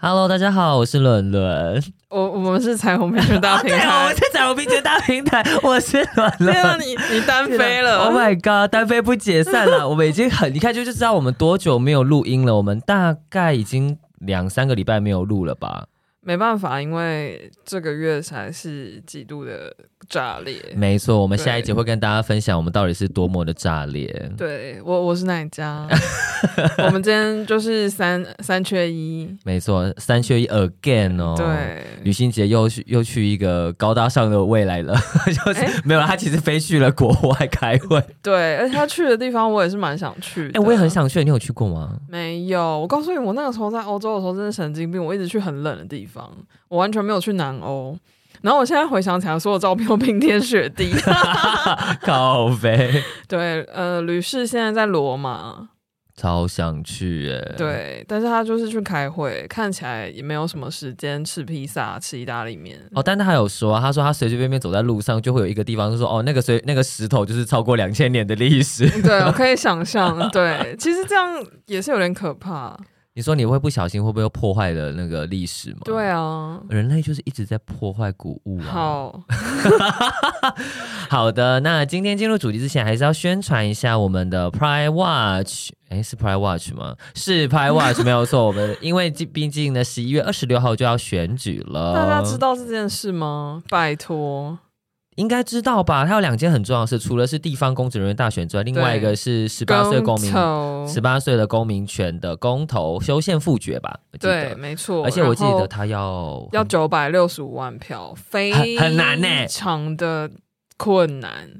Hello，大家好，我是倫倫，我 okay, 我們是彩虹平權大平台，我們是彩虹平權大平台，我是倫倫，對啊，你你單飛了 ，Oh my god，單飛不解散了， 我們已經很，你看就是知道我們多久沒有錄音了，我們大概已經兩三個禮拜沒有錄了吧。沒辦法，因為這個月才是極度的炸裂。沒錯，我們下一集會跟大家分享我們到底是多麼的炸裂。對我，我是哪一家？ 我們今天就是三 三缺一。沒錯，三缺一 again 哦。對，對旅行節又去又去一個高大上的未來了。 就是欸、沒有，他其實飛去了國外開會。對，而且他去的地方我也是蠻想去。哎、欸，我也很想去，你有去過嗎？沒有。我告訴你，我那個時候在歐洲的時候，真的神經病，我一直去很冷的地方。.我完全沒有去南歐，然後我現在回想起來，所有照片都冰天雪地。靠北，對，呃，呂氏現在在羅馬，超想去耶、欸。對，但是他就是去開會，看起來也沒有什麼時間吃披薩、吃意大利麵。哦，但他有說、啊，他說他隨隨便便走在路上就會有一個地方就，就說哦，那個隨那個石頭就是超過兩千年的歷史。 對，我可以想象，對，其實這樣也是有點可怕。你說你會不小心會不會破壞了那個歷史嗎？對啊，人類就是一直在破壞古物啊。好， 好的。那今天進入主題之前，還是要宣傳一下我們的 PrideWatch。哎，是 PrideWatch 嗎？是 PrideWatch，沒有錯。 我們因為畢竟呢，十一月二十六號就要選舉了，大家知道這件事嗎？拜託。應該知道吧？他有兩件很重要的事，除了是地方公職人員大選之外，另外一個是十八歲公民十八歲的公民權的公投修憲複決吧？對，沒錯。而且我記得他要要九百六十五萬票，非常難，非常的困難，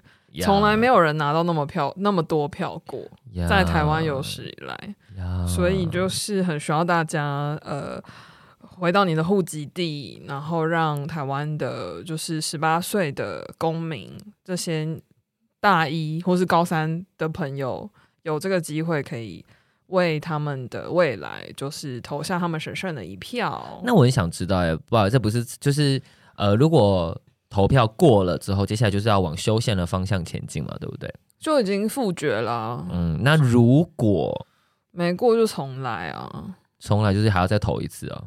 從來沒有人拿到那麼票那麼多票過，yeah, 在台灣有史以來，Yeah. 所以就是很需要大家呃。回到你的戶籍地，然後讓台灣的，就是十八歲的公民，這些大一或是高三的朋友，有這個機會可以為他們的未來，就是投下他們神聖的一票。那我很想知道，哎，不好意思，這不是就是呃，如果投票過了之後，接下來就是要往修憲的方向前進嘛，對不對？就已經複決了。嗯，那如果、嗯、沒過就重來啊？重來就是還要再投一次啊？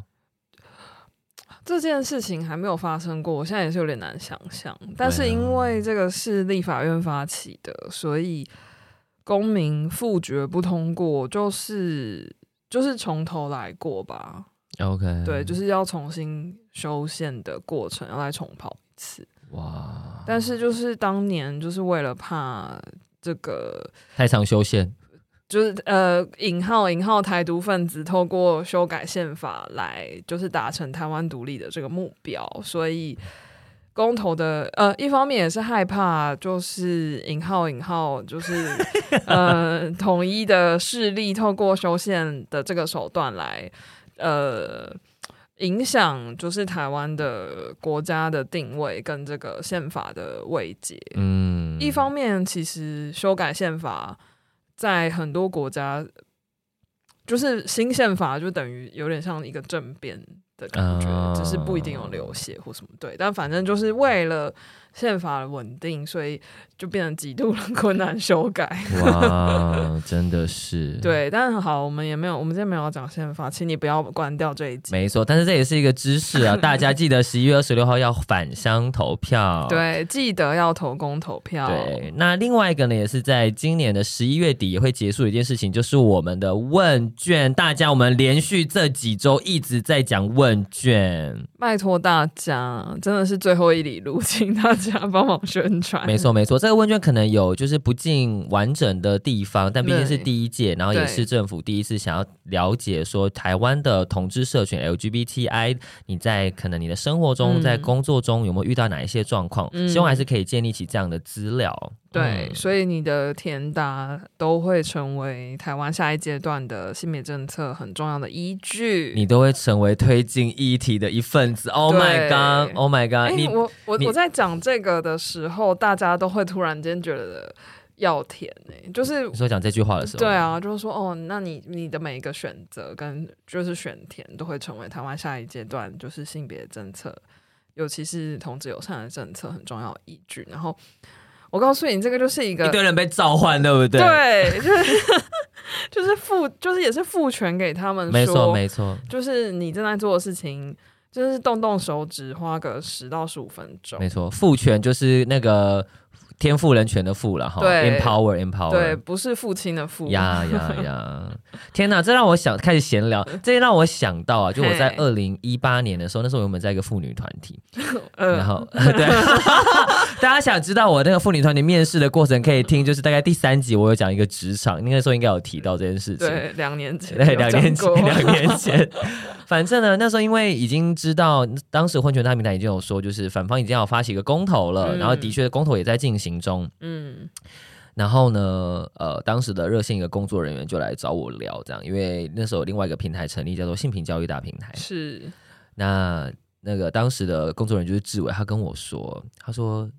這件事情還沒有發生過，我現在也是有點難想象。但是因為這個是立法院發起的，哦、所以公民複決不通過，就是就是從頭來過吧。OK，對，就是要重新修憲的過程，要來重跑一次。哇 Wow！但是就是當年就是為了怕這個太常修憲。就是呃，引號引號，台獨分子透過修改憲法來，就是達成台灣獨立的這個目標。所以公投的呃，一方面也是害怕，就是引號引號，就是 呃，統一的勢力透過修憲的這個手段來呃，影響就是台灣的國家的定位跟這個憲法的位階。嗯，一方面其實修改憲法。在很多國家，就是新憲法就等於有點像一個政變的感覺，嗯，只是不一定有流血或什麼，對，但反正就是為了。憲法穩定，所以就變成極度困難修改。哇，真的是。 對，但是好，我們也沒有，我們今天沒有要講憲法，請你不要關掉這一集。沒錯，但是這也是一個知識啊， 大家記得十一月二十六號要返鄉投票。對，記得要投公投票。對，那另外一個呢，也是在今年的十一月底也會結束一件事情，就是我們的問卷。大家，我們連續這幾週一直在講問卷。拜託大家，真的是最後一里路，請大家。幫忙宣傳。沒錯沒錯，這個問卷可能有就是不盡完整的地方，但畢竟是第一屆，對然後也是政府第一次想要了解說台灣的同志社群 LGBTI，你在可能你的生活中、嗯、在工作中有沒有遇到哪一些狀況？嗯、希望還是可以建立起這樣的資料。對，所以你的填答都會成為台灣下一階段的性別政策很重要的依據，你都會成為推進議題的一份子。Oh my god! Oh my god!、欸、你我我,我在講這個的時候，大家都會突然間覺得要填誒、欸，就是你說講這句話的時候，對啊，就是說哦，那你你的每一個選擇跟就是選填都會成為台灣下一階段就是性別政策，尤其是同志友善的政策很重要的依據，然後。我告訴你，你這個就是一個一堆人被召喚，對不對？對，就是就是賦，就是也是賦權給他們說。沒錯，沒錯，就是你正在做的事情，就是動動手指，花個十到十五分鐘。沒錯，賦權就是那個。天賦人權的賦了哈，對，empower empower，對，不是父親的父，呀呀呀！天哪，這讓我想開始閒聊，這讓我想到啊，就我在二零一八年的時候，那時候我們在一個婦女團體，然後對，大家想知道我那個婦女團體面試的過程，可以聽，就是大概第三集我有講一個職場，那個時候應該有提到這件事情，對，兩年前，對，兩年前，兩年前，反正呢，那時候因為已經知道，當時婚權大平台已經有說，就是反方已經要發起一個公投了，然後的確公投也在進行。中嗯，然後呢，呃，當時的熱線一個工作人員就來找我聊，這樣，因為那時候另外一個平台成立叫做性平教育大平台，是那那個當時的工作人員就是志偉，他跟我說，他說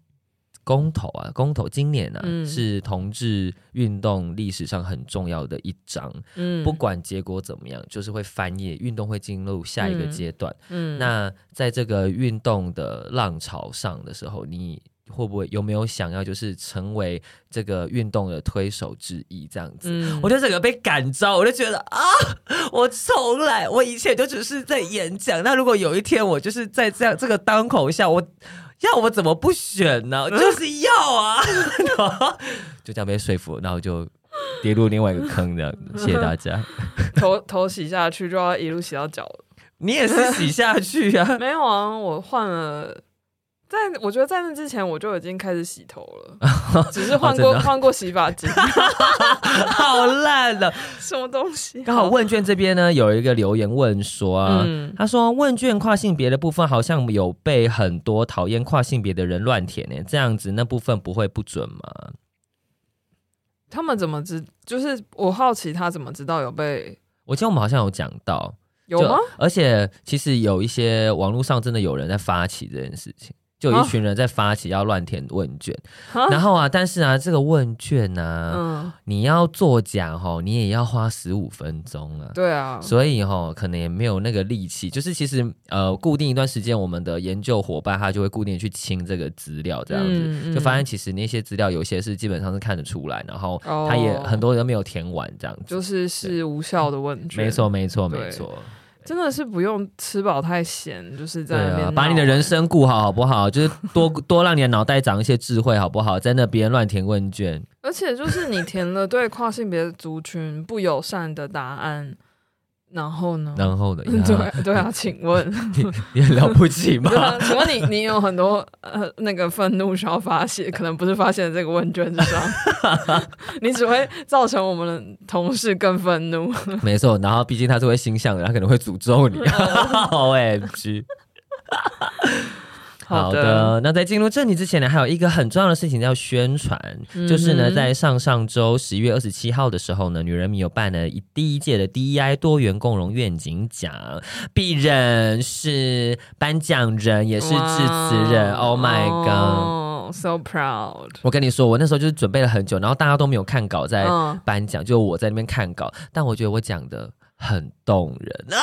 公投啊，公投今年呢，啊，嗯，是同志運動歷史上很重要的一章，嗯，不管結果怎麼樣，就是會翻頁，運動會進入下一個階段。嗯，嗯，那在這個運動的浪潮上的時候，你。會不會有沒有想要就是成為這個運動的推手之一這樣子？嗯、我覺得整個被感召，我就覺得啊，我從來我以前都只是在演講， 那如果有一天我就是在這樣這個當口下，我要我怎麼不選呢、啊？嗯、就是要啊， 就這樣被說服，然後就跌入另外一個坑這樣。 謝謝大家， 頭頭洗下去就要一路洗到腳，你也是洗下去呀、啊？ 沒有啊，我換了。在我覺得在那之前，我就已經開始洗頭了，只是換過、哦啊、換過洗髮精， 好爛的、啊、什麼東西、啊。剛好問卷這邊呢，有一個留言問說啊，嗯、他說問卷跨性別的部分好像有被很多討厭跨性別的人亂填呢，這樣子，那部分不會不準嗎？他們怎麼知？就是我好奇他怎麼知道有被？我記得我們好像有講到，有嗎？而且其實有一些網絡上真的有人在發起這件事情。就有一群人在發起要亂填問卷，哦、然後啊，但是啊，這個問卷呢、啊，嗯、你要作假哈，你也要花十五分鐘啊。對啊，所以哈，可能也沒有那個力氣。就是其實呃，固定一段時間，我們的研究夥伴他就會固定去清這個資料，這樣子、嗯嗯、就發現其實那些資料有些是基本上是看得出來，然後他也很多人沒有填完，這樣子、哦、對就是是無效的問卷。沒錯、嗯，沒錯，沒錯。真的是不用吃飽太閒，就是在那邊，啊、把你的人生顧好好不好？就是多 多讓你的腦袋長一些智慧好不好？在那邊亂填問卷，而且就是你填了對跨性別族群不友善的答案。然後呢？然後呢，對、嗯、對啊，對啊，嗯、請問你，你很了不起嗎？請問你，你有很多呃那個憤怒需要發洩，可能不是發洩這個問卷上。 你只會造成我們的同事更憤怒。沒錯，然後畢竟他是會星象的，他可能會詛咒你。O M G。 好的，好的，那在進入正題之前呢，還有一個很重要的事情要宣傳，嗯、哼就是呢，在上上周十一月二十七號的時候呢，女人迷有辦了第一屆的 D E I 多元共融願景獎，鄙人是頒獎人，也是致辭人。Wow, oh my god，oh, so proud！我跟你說，我那時候就是準備了很久，然後大家都沒有看稿在頒獎，就我在那邊看稿，但我覺得我講的很動人。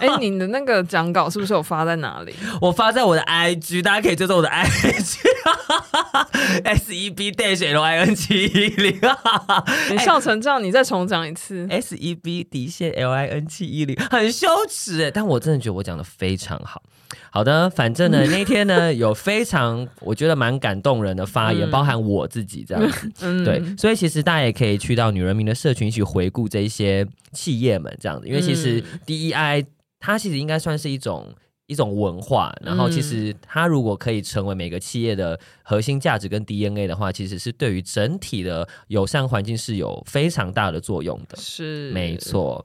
哎、欸，你的那個講稿是不是有發在哪裡？我發在我的 IG，大家可以接受我的 IG。哈哈哈哈 s E B 淡水龍 I N 七一零。哈哈，你笑成這樣，你再重講一次，S、欸、E B 底線 L I N 七一零，10，很羞恥，但我真的覺得我講的非常好。好的，反正呢，那天呢有非常我覺得蠻感動人的發言，嗯、包含我自己這樣，嗯，對，所以其實大家也可以去到女人迷的社群一起回顧這些企業們這樣子，因為其實 D E I 它其實應該算是一種。一種文化，然後其實它如果可以成為每個企業的核心價值跟 DNA 的話，其實是對於整體的友善環境是有非常大的作用的。是，沒錯。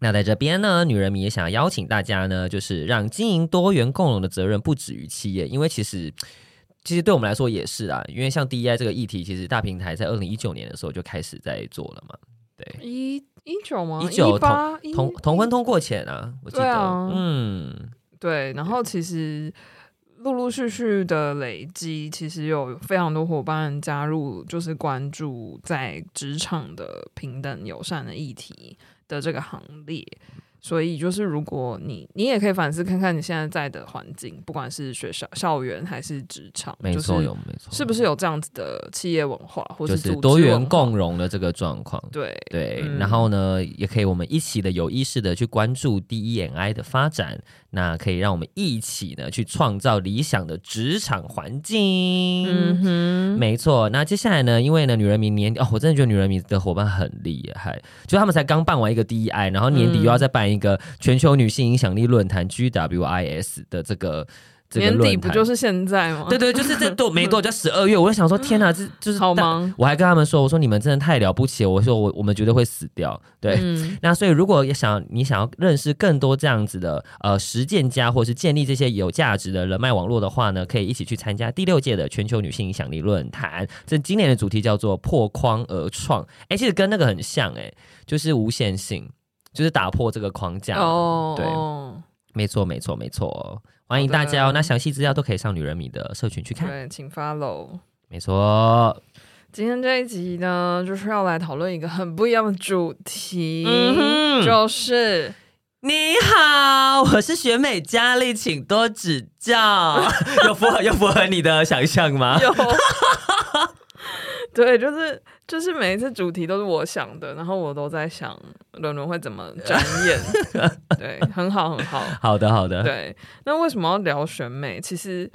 那在這邊呢，女人迷也想要邀請大家呢，就是讓經營多元共融的責任不止於企業，因為其實其實對我們來說也是啊。因為像 DEI 這個議題，其實大平台在二零一九年的時候就開始在做了嘛。對。一九嗎？一九同同同婚通過前啊，我記得，啊、嗯，對。然後其實陸陸續續的累積，其實有非常多伙伴加入，就是關注在職場的平等友善的議題的這個行列。所以就是，如果你你也可以反思看看你現在在的環境，不管是學校、校園還是職場，沒錯，有沒錯，是不是有這樣子的企業文化，或者是，是多元共融的這個狀況？對、嗯、對。然後呢，也可以我們一起的有意識的去關注 DEI 的發展，那可以讓我們一起呢去創造理想的職場環境。嗯哼，沒錯。那接下來呢，因為呢，女人迷年底哦，我真的覺得女人迷的夥伴很厲害，就他們才剛辦完一個 DEI，然後年底又要再辦、嗯。一個全球女性影響力論壇 （G W I S） 的這個這個論壇，年底不就是現在嗎？對，對對，就是這都沒多久，十二月。 對 我就想說，天啊，嗯、這就是好但忙。我還跟他們說，我說你們真的太了不起了。我說我我們絕對會死掉。對，嗯、那所以如果想你想要認識更多這樣子的呃實踐家，或是建立這些有價值的人脈網絡的話呢，可以一起去參加第六屆的全球女性影響力論壇。這今年的主題叫做“破框而創”。哎、欸，其實跟那個很像哎、欸，就是無限性。就是打破這個框架哦，oh, 對，oh. 沒錯，沒錯，沒錯，歡迎大家。Oh, 對那詳細資料都可以上女人迷的社群去看。對，請 follow。沒錯，今天這一集呢，就是要來討論一個很不一樣的主題，嗯、哼就是你好，我是選美佳麗，請多指教。 有符合有符合你的想象嗎？有。 對，就是就是每一次主題都是我想的，然後我都在想倫倫會怎麼展演。 對，很好，很好， 好的，好的。對，那為什麼要聊選美？其實，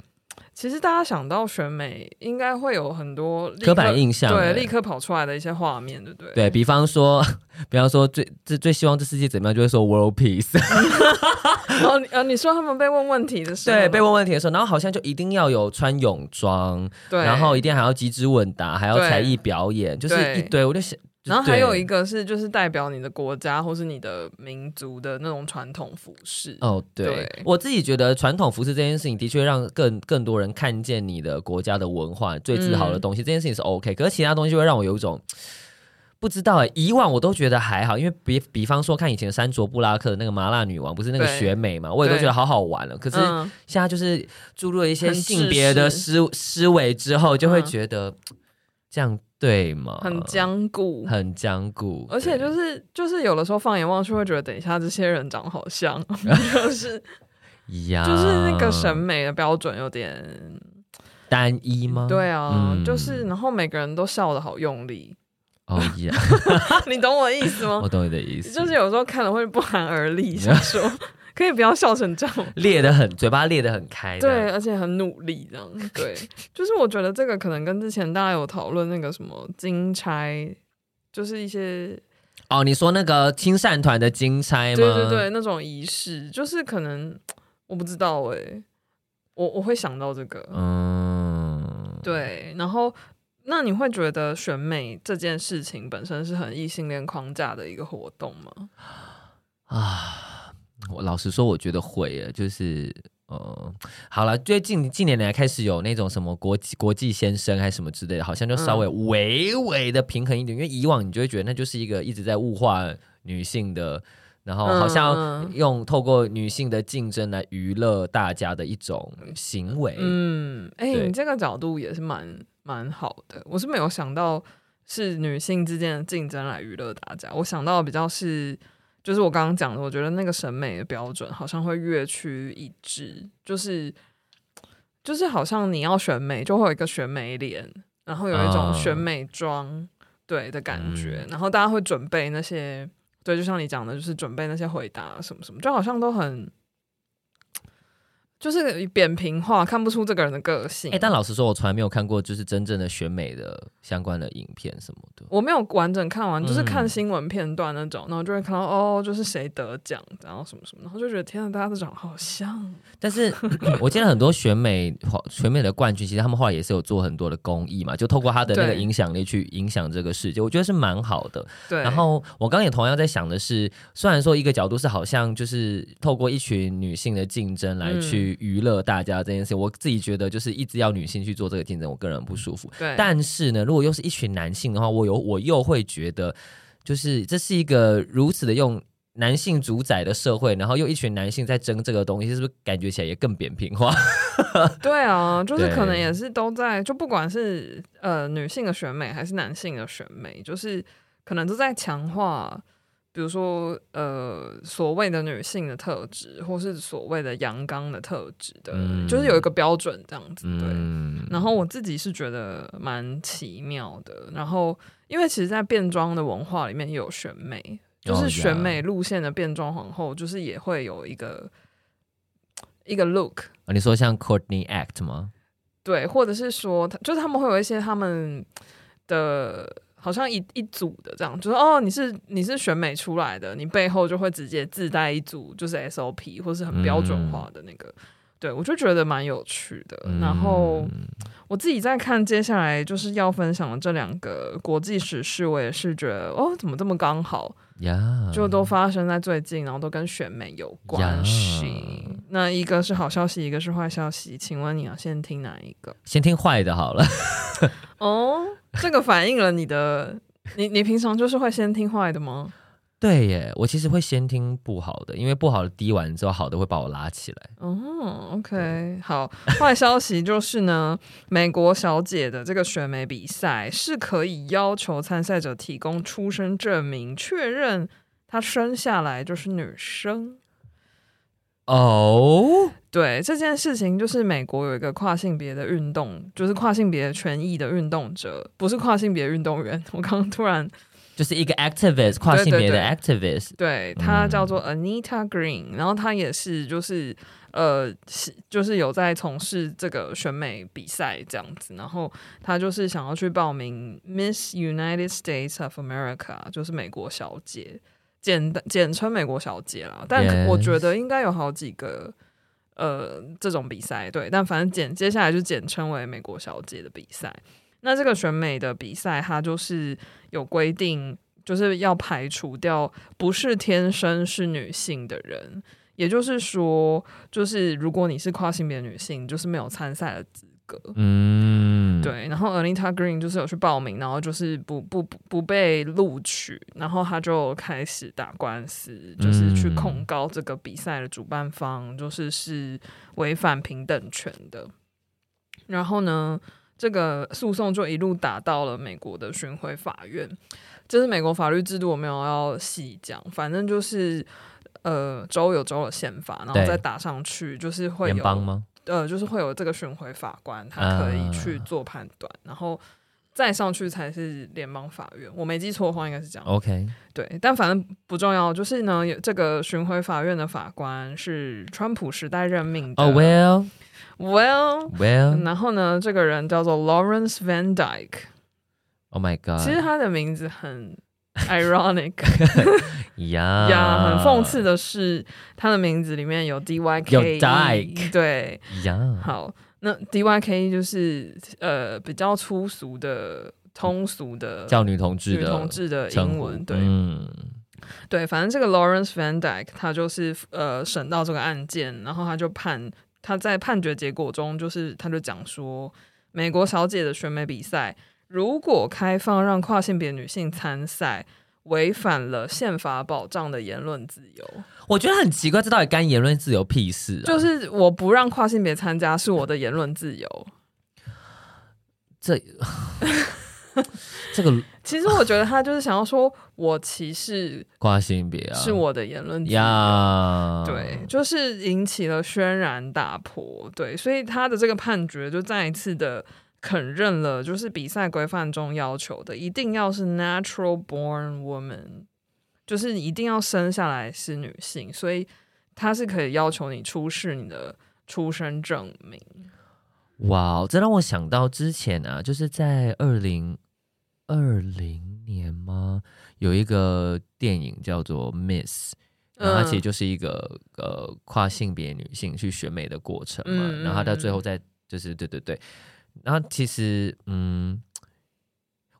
其實大家想到選美，應該會有很多刻、刻板印象，對，立刻跑出來的一些畫面，對不對？對，比方說，比方說最最最希望這世界怎麼樣，就會說 World Peace。 然後，呃，你說他們被問問題的時候，對，被問問題的時候，然後好像就一定要有穿泳裝，對然後一定要還要機智問答，還要才藝表演，對就是一堆，我就想，對就然後還有一個是，就是代表你的國家或是你的民族的那種傳統服飾。哦，oh, 對，對我自己覺得傳統服飾這件事情的確讓更更多人看見你的國家的文化最自豪的東西，嗯、這件事情是 OK，可是其他東西就會讓我有一種。不知道哎，以往我都覺得還好，因為比比方說看以前山卓布拉克的那個麻辣女王，不是那個選美嘛，我也都覺得好好玩了。可是現在就是注入了一些性別的思思維之後，就會覺得這樣對嗎？很僵固，很僵固。而且就是就是有的時候放眼望去，會覺得等一下，這些人長得好像就是一樣，就是那個審美的標準有點單一嗎？對啊，就是然後每個人都笑得好用力。哦，一樣，你懂我意思嗎？我懂你的意思，就是有時候看了會不寒而慄。想 說，可以不要笑成這樣，裂得很，嘴巴裂得很開，對，而且很努力這樣。對， 就是我覺得這個可能跟之前大家有討論那個什麼金釵，就是一些哦，oh, 你說那個親善團的金釵嗎？對對對，那種儀式，就是可能我不知道誒、欸，我我會想到這個，嗯，對，然後。那你會覺得選美這件事情本身是很異性戀框架的一個活動嗎？啊，我老實說，我覺得會耶。就是，嗯，好了，最近近年來開始有那種什麼國際國際先生還是什麼之類的，好像就稍微微微的平衡一點。嗯，因為以往你就會覺得那就是一個一直在物化女性的，然後好像用透過女性的競爭來娛樂大家的一種行為。嗯，哎，欸，對你這個角度也是蠻。蠻好的，我是沒有想到是女性之間的競爭來娛樂大家。我想到比較是，就是我剛剛講的，我覺得那個審美的標準好像會越趨一致，就是，就是好像你要選美就會有一個選美臉，然後有一種選美妝、啊、對的感覺，然後大家會準備那些，對，就像你講的，就是準備那些回答什麼什麼，就好像都很。就是扁平化，看不出這個人的個性。哎、欸，但老實說，我從來沒有看過就是真正的選美的相關的影片什麼的。我沒有完整看完，嗯、就是看新聞片段那種，然後就會看到哦，就是誰得獎，然後什麼什麼，然後就覺得天哪、啊，大家長得好像。但是 我見到很多選美，選美的冠軍，其實他們後來也是有做很多的公益嘛，就透過他的那個影響力去影響這個世界，我覺得是蠻好的。對。然後我剛也同樣在想的是，雖然說一個角度是好像就是透過一群女性的競爭來去、嗯。娛樂大家這件事情，我自己覺得就是一直要女性去做這個競爭，我個人不舒服。嗯、對，但是呢，如果又是一群男性的話，我有我又會覺得，就是這是一個如此的用男性主宰的社會，然後又一群男性在爭這個東西，是不是感覺起來也更扁平化？ 對啊，就是可能也是都在，對就不管是呃女性的選美還是男性的選美，就是可能都在強化。比如說，呃，所謂的女性的特質，或是所謂的陽剛的特質的，嗯、就是有一個標準這樣子。對。嗯、然後我自己是覺得蠻奇妙的。然後，因為其實，在變裝的文化裡面也有選美，就是選美路線的變裝皇後，就是也會有一個一個 look、啊。你說像 Courtney Act 嗎？對，或者是說，就是他們會有一些他們的。好像一一組的這樣，就是哦，你是你是選美出來的，你背後就會直接自帶一組就是 SOP，或是很標準化的那個。嗯、對，我就覺得蠻有趣的。嗯、然後我自己在看接下來就是要分享的這兩個國際時事，我也是覺得哦，怎麼這麼剛好呀就都發生在最近，然後都跟選美有關係。呀那一個是好消息，一個是壞消息。請問你要、啊、先聽哪一個？先聽壞的好了。 哦。這個反映了你的，你你平常就是會先聽壞的嗎？對耶，我其實會先聽不好的，因為不好的滴完之後，好的會把我拉起來。哦、嗯、，OK，對好。壞消息就是呢， 美國小姐的這個選美比賽是可以要求參賽者提供出生證明，確認她生下來就是女生。哦，oh? 對，這件事情，就是美國有一個跨性別的運動，就是跨性別權益的運動者，不是跨性別運動員。我剛剛突然就是一個 activist，跨性別的 activist，對對對，嗯，對，他叫做 Anita Green，然後他也是就是呃，就是有在從事這個選美比賽這樣子，然後他就是想要去報名 Miss United States of America，就是美國小姐。簡簡稱美國小姐啦，但我覺得應該有好幾個，Yes. 呃，這種比賽對，但反正簡接下來就簡稱為美國小姐的比賽。那這個選美的比賽，它就是有規定，就是要排除掉不是天生是女性的人，也就是說，就是如果你是跨性別女性，就是沒有參賽的。嗯，對，然後 Anita Green 就是有去報名，然後就是不不不，不被錄取，然後她就開始打官司，就是去控告這個比賽的主辦方，就是是違反平等權的。然後呢，這個訴訟就一路打到了美國的巡回法院。這、就是美國法律制度，我沒有要細講，反正就是呃，州有州的憲法，然後再打上去，對就是會有聯邦嗎？呃，就是會有這個巡迴法官，他可以去做判斷，uh, 然後再上去才是聯邦法院。我沒記錯的話，應該是這樣。OK，對，但反正不重要。就是呢，這個巡迴法院的法官是川普時代任命的。哦、oh, Well，well，well。然後呢，這個人叫做 Lawrence Van Dyke。Oh my God！其實他的名字很 ironic。 呀，yeah, yeah, 很諷刺的是，他的名字裡面有 D Y K。有 Dyke。對，Yeah. 好，那 D Y K 就是呃比較粗俗的、通俗的叫女同志的、女同志的英文。對，嗯，對，反正這個 Lawrence Van Dyke 他就是呃審到這個案件，然後他就判，他在判決結果中就是他就講說，美國小姐的選美比賽如果開放讓跨性別女性參賽，違反了憲法保障的言論自由，我覺得很奇怪，這到底干言論自由屁事啊？就是我不讓跨性別參加是我的言論自由， 這 這個 其實我覺得他就是想要說我歧視跨性別是我的言論自由，啊 yeah. 對，就是引起了軒然大波，對，所以他的這個判決就再一次的。肯認了，就是比賽規範中要求的，一定要是 natural born woman，就是一定要生下來是女性，所以她是可以要求你出示你的出生證明。哇，wow, 這讓我想到之前啊，就是在二零二零年嗎？有一個電影叫做《Miss》，然後它其實就是一個、嗯、呃跨性別女性去選美的過程嘛，嗯、然後它到最後在就是對對對。然後其實，嗯，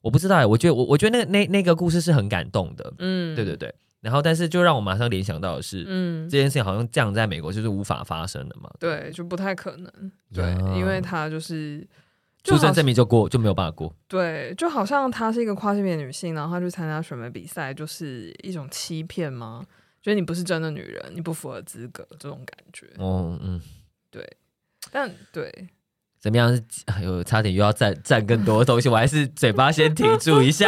我不知道哎，我覺得我我覺得那個那那個故事是很感動的，嗯，對對對。然後，但是就讓我馬上聯想到的是，嗯，這件事情好像這樣在美國就是無法發生的嘛，對，就不太可能，對，嗯，因為他就是就出生證明就過就沒有辦法過，對，就好像她是一個跨性別的女性，然後她去參加選美比賽就是一種欺騙嗎？覺得你不是真的女人，你不符合資格這種感覺，哦，嗯嗯，對，但對。怎麼樣？有、哎、差點又要佔佔更多的東西， 我還是嘴巴先停住一下。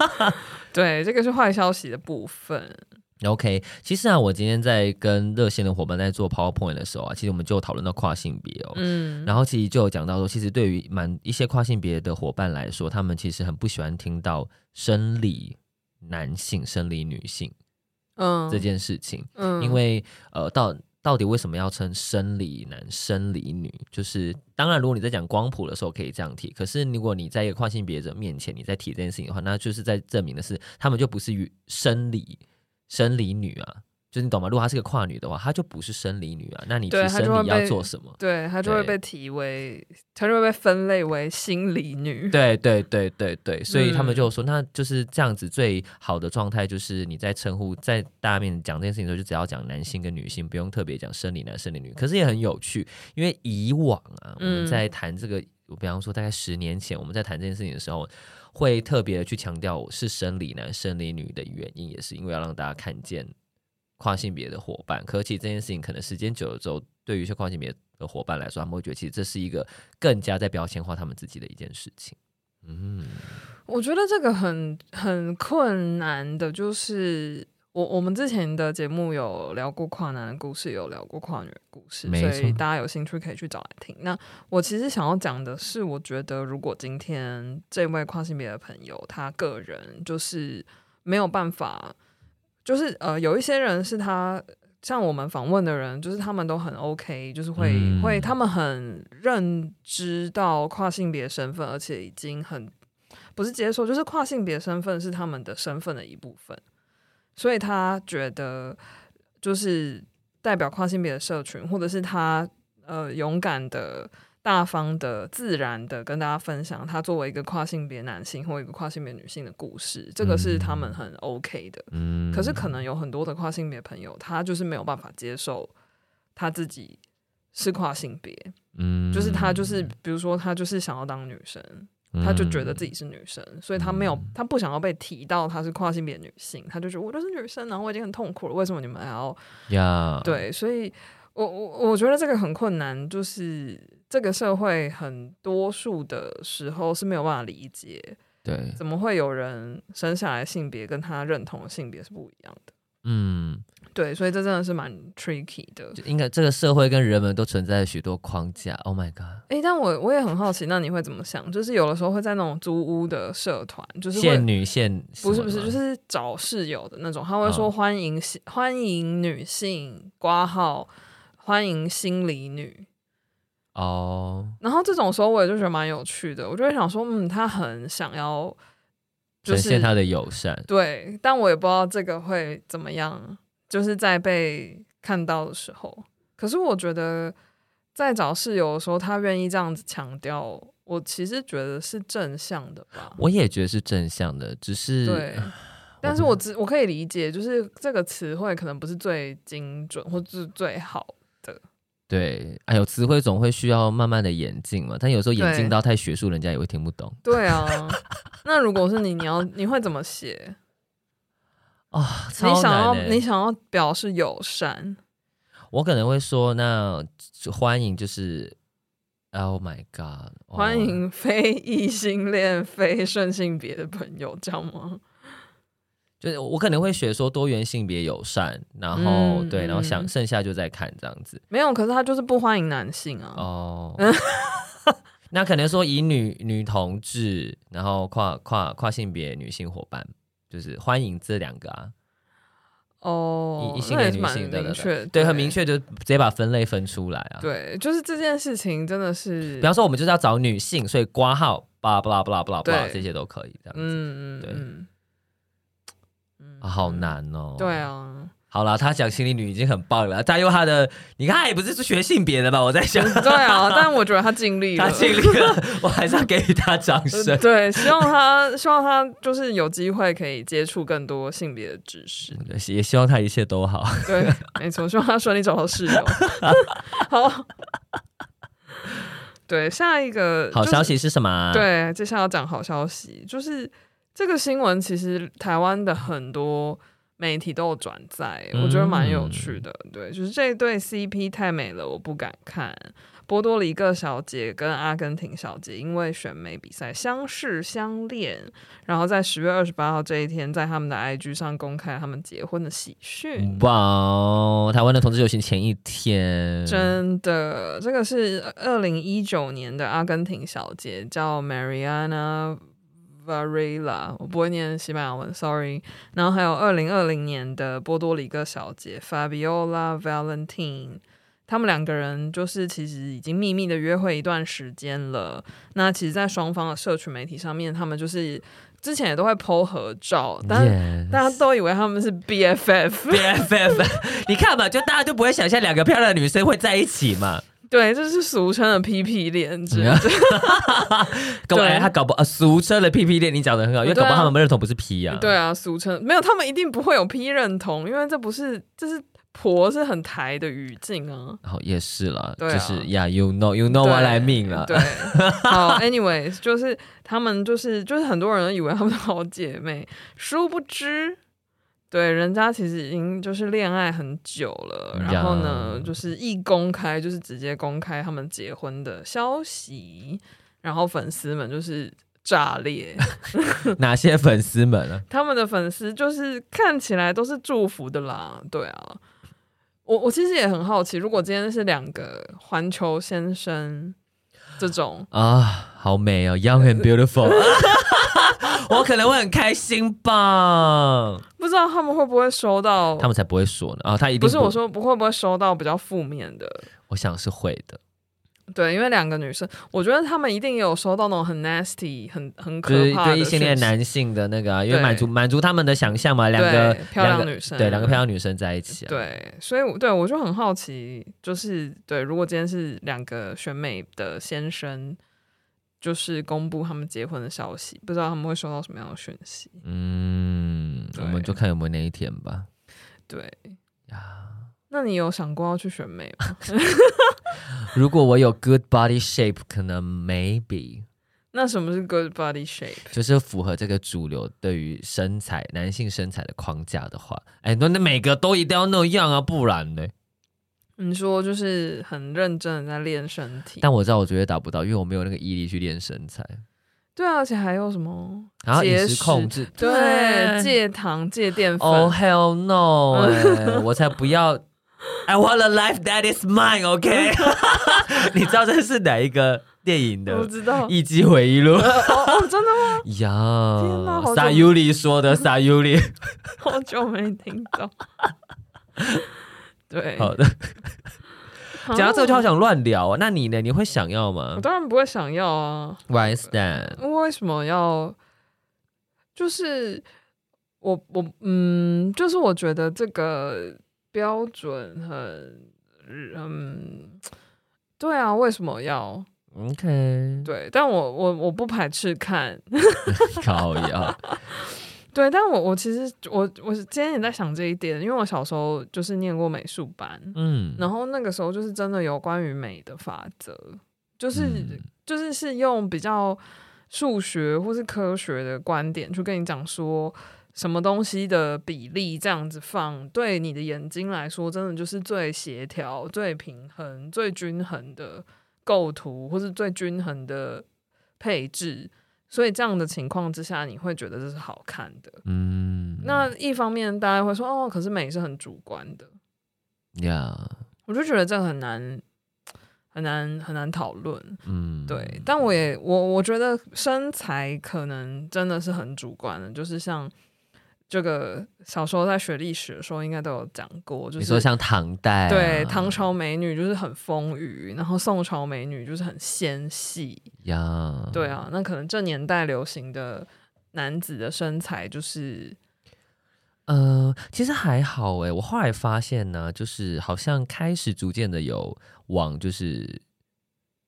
對，這個是壞消息的部分。OK，其實啊，我今天在跟熱線的夥伴在做 PowerPoint 的時候啊，其實我們就討論到跨性別哦。嗯，然後其實就有講到說，其實對於蠻一些跨性別的夥伴來說，他們其實很不喜歡聽到生理男性、生理女性，嗯，這件事情，嗯，嗯因為呃到。到底為什麼要稱生理男、生理女？就是當然，如果你在講光譜的時候可以這樣提，可是如果你在一個跨性別者面前，你在提這件事情的話，那就是在證明的是他們就不是生理、生理女啊。就你懂嗎？如果她是個跨女的話，她就不是生理女啊。那你提生理要做什麼？對她就，就會被提為，她對就會被分類為心理女。對對對對對，所以他們就說，那、嗯、就是這樣子最好的狀態，就是你在稱呼在大面講這件事情的時候，就只要講男性跟女性，嗯、不用特別講生理男、生理女。可是也很有趣，因為以往啊，我們在談這個，我比方說大概十年前，我們在談這件事情的時候，會特別的去強調是生理男、生理女的原因，也是因為要讓大家看見。跨性別的夥伴，可其實這件事情可能時間久了之後，對於一些跨性別的夥伴來說，他們會覺得其實這是一個更加在標籤化他們自己的一件事情。嗯，我覺得這個很很困難的，就是我我們之前的節目有聊過跨男的故事，有聊過跨女的故事，沒錯。所以大家有興趣可以去找來聽。那我其實想要講的是，我覺得如果今天這位跨性別的朋友他個人就是沒有辦法。就是呃，有一些人是他像我們訪問的人，就是他們都很 OK，就是會、嗯、會他們很認知到跨性別身份，而且已經很不是接受，就是跨性別身份是他們的身份的一部分，所以他覺得就是代表跨性別的社群，或者是他呃勇敢的。大方的、自然的跟大家分享他作為一個跨性別男性或一個跨性別女性的故事，這個是他們很 OK 的。嗯，可是可能有很多的跨性別朋友，他就是沒有辦法接受他自己是跨性別，嗯，就是他就是比如說他就是想要當女生，他就覺得自己是女生，嗯，所以他沒有他不想要被提到他是跨性別女性，他就覺得我就是女生，然後我已經很痛苦了，為什麼你們還要？Yeah. 對，所以我我我覺得這個很困難，就是。這個社會很多數的時候是沒有辦法理解，對，怎麼會有人生下來性別跟他認同的性別是不一樣的？嗯，對，所以這真的是蠻 tricky 的。就應該這個社會跟人們都存在了許多框架。Oh my god！誒、欸，但我我也很好奇，那你會怎麼想？就是有的時候會在那種租屋的社團，就是限女限，不是不是，就是找室友的那種，他會說歡迎、哦、歡迎女性括號，歡迎心理女。哦，oh, 然後這種時候我也就覺得蠻有趣的，我就會想說，嗯，他很想要、就是、呈現他的友善，對，但我也不知道這個會怎麼樣，就是在被看到的時候。可是我覺得在找室友的時候，他願意這樣子強調，我其實覺得是正向的吧。我也覺得是正向的，只是對，但是我只我可以理解，就是這個詞彙可能不是最精準，或是最好。對，哎呦，詞彙總會需要慢慢的演進嘛，但有時候演進到太學術，對人家也會聽不懂。對啊， 那如果是你，你要你會怎麼寫啊？哦、你想要你想要表示友善，我可能會說那，那歡迎就是，Oh my God，oh, 歡迎非異性戀、非順性別的朋友，這樣嗎？就是我可能會學說多元性別友善，然後、嗯、對，然後想剩下就再看這樣子、嗯。沒有，可是他就是不歡迎男性啊。哦，oh, 那可能說以女女同志，然後跨跨跨性別女性夥伴，就是歡迎這兩個啊。哦、oh,，那女性那也蠻明確，對，對，對，對，很明確，就直接把分類分出來啊。對，就是這件事情真的是，比方說我們就是要找女性，所以括號、巴拉巴拉巴拉巴拉這些都可以這樣子。嗯，對。啊、好難哦、喔。對啊，好了，他講心理女已經很棒了，再用他的，你看他也不是學性別的吧？我在想，對啊，但我覺得他盡力了， 他盡力了，我還是要給予他掌聲。 對，希望他，希望他就是有機會可以接觸更多性別的知識，也希望他一切都好。 對，沒錯，希望他順利找到室友。 好，對，下一個好消息是什麼？對，接下來要講好消息，就是。這個新聞其實台灣的很多媒體都有轉載，嗯、我覺得蠻有趣的。對，就是這對 CP 太美了，我不敢看。波多黎各小姐跟阿根廷小姐因為選美比賽相識相戀，然後在十月二十八號這一天，在他們的 IG 上公開他們結婚的喜訊。哇哦！台灣的同志遊行前一天，真的，這個是二零一九年的阿根廷小姐叫 Mariana。Varela 我不會念西班牙文，sorry。然後還有二零二零年的波多黎各小姐 Fabiola Valentín，他們兩個人就是其實已經祕密的約會一段時間了。那其實，在雙方的社群媒體上面，他們就是之前也都會 PO 合照，但 Yes. 大家都以為他們是 bff，bff。B FF, 你看吧，就大家就不會想象兩個漂亮的女生會在一起嘛。對，這是俗稱的 PP 戀，這樣子。嗯、呀 對，他搞不呃，俗稱的 PP 戀，你講的很好，啊、因為搞不好他們認同不是 P 呀、啊。對啊，俗稱沒有，他們一定不會有 P 認同，因為這不是，這是婆，是很台的語境啊。好、哦，也是了，就是 Yeah，you know，you know，what I mean 啦。對，好，Anyways，就是他們就是就是很多人都以為他們是好姐妹，殊不知。對，人家其實已經就是戀愛很久了，然後呢，Yeah. 就是一公開，就是直接公開他們結婚的消息，然後粉絲們就是炸裂。 哪些粉絲們呢、啊？他們的粉絲就是看起來都是祝福的啦，對啊。我我其實也很好奇，如果今天是兩個《環球先生》這種啊，uh, 好美哦，Young and Beautiful，我可能會很開心吧。他們會不會收到？他們才不會說呢。啊、哦，他一定不，不是我說不會不會收到比較負面的。我想是會的。對，因為兩個女生，我覺得他們一定有收到那種很 nasty、很很可怕對異性戀男性的那個、啊，因為滿足對滿足他們的想象嘛。兩個，對兩個漂亮女生，對，兩個漂亮女生在一起、啊。對，所以對我就很好奇，就是對，如果今天是兩個選美的先生，就是公布他們結婚的消息，不知道他們會收到什麼樣的訊息？嗯。我們就看有沒有那一天吧。對呀，那你有想過要去選美嗎？ 如果我有 good body shape，可能 maybe。那什麼是 good body shape？就是符合這個主流對於身材、男性身材的框架的話。哎，那那每個都一定要那樣啊，不然呢？你說就是很認真的在練身體，但我知道我絕對達不到，因為我沒有那個毅力去練身材。對啊，而且還有什麼？然後飲食控制，對，戒糖、戒澱粉。Oh hell no！我才不要。I want a life that is mine. OK？你知道這是哪一個電影的？不知道。《藝伎回憶錄》。哦，真的嗎？呀！天哪，傻尤里說的傻尤里。好久沒聽到。對，好的。講到這就好像想亂聊啊，oh, 那你呢？你會想要嗎？我當然不會想要啊。Why is that？為什麼要？就是我我嗯，就是我覺得這個標準很嗯，對啊，為什麼要？OK，對，但我我我不排斥看，高壓 謠。 對，但我我其實我我今天也在想這一點，因為我小時候就是念過美術班，嗯，然後那個時候就是真的有關於美的法則，就是、嗯、就是是用比較數學或是科學的觀點去跟你講說，什麼東西的比例這樣子放，對你的眼睛來說，真的就是最協調、最平衡、最均衡的構圖，或是最均衡的配置。所以這樣的情況之下，你會覺得這是好看的，嗯。那一方面，大家會說哦，可是美是很主觀的，呀。Yeah. 我就覺得這很難，很難，很難討論，嗯，對。但我也我我覺得身材可能真的是很主觀的，就是像。這個小時候在學歷史的時候，應該都有講過，就是你說像唐代，啊，對，唐朝美女就是很豐腴，然後宋朝美女就是很纖細呀，對啊，那可能這年代流行的男子的身材就是，呃、其實還好誒，我後來發現呢，啊，就是好像開始逐漸的有往就是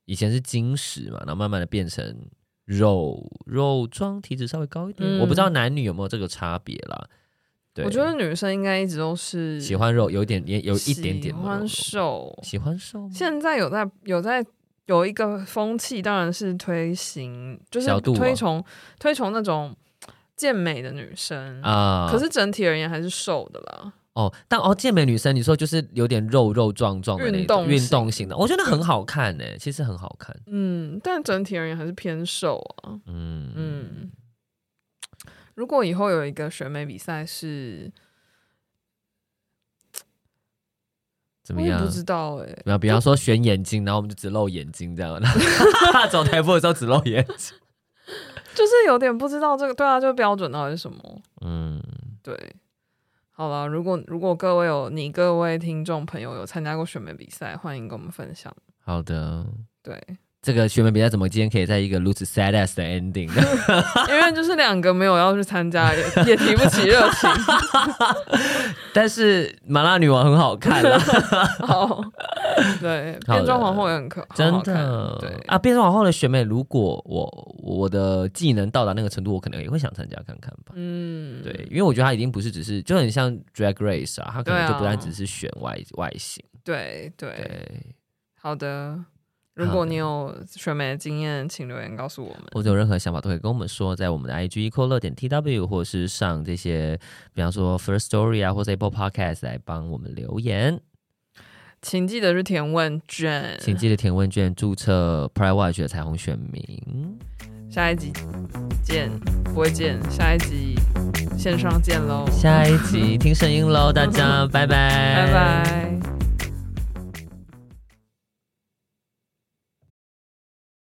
以前是精實嘛，然後慢慢的變成。肉肉妝，體脂稍微高一點，嗯、我不知道男女有沒有這個差別啦。對，我覺得女生應該一直都是喜歡肉，有一點有一點點喜歡瘦，喜歡瘦。現在有在有在有一個風氣，當然是推行，就是推崇，啊、推崇那種健美的女生啊。可是整體而言還是瘦的啦。哦，但哦，健美女生，你說就是有點肉肉壯壯的那種運動性運動型的，我覺得很好看呢、欸，嗯、其實很好看。嗯，但整體而言還是偏瘦啊。嗯嗯。如果以後有一個選美比賽是怎麼樣？也不知道哎、欸。比方說選眼睛，對然後我們就只露眼睛這樣。走台步的時候只露眼睛，就是有點不知道這個對啊，這個標準到底是什麼？嗯，對。好了，如果如果各位有你各位聽眾朋友有參加過選美比賽，歡迎跟我們分享。好的，對。這個選美比賽怎麼今天可以在一個如此 sad as 的 ending 呢？因為就是兩個沒有要去參加也， 也提不起熱情。但是麻辣女王很好看了， 好對，變裝的皇後也很可，真的好好對啊，變裝皇後的選美，如果我我的技能到達那個程度，我可能也會想參加看看吧。嗯，對，因為我覺得她已經不是只是，就很像 Drag Race 啊，她可能就不再只是選外、啊、外形型。對對，好的。如果你有選美的經驗，請留言告訴我們。或者有任何想法，都可以跟我們說，在我們的 IG equallove 點 tw，或是上這些，比方說 First Story 啊，或者是 Apple Podcast 來幫我們留言。請記得去填問卷。請記得填問卷註冊，注冊 Pride Watch 的彩虹選民。下一集見，不會見，下一集線上見嘍。下一集聽聲音嘍， 大家拜拜， 拜拜。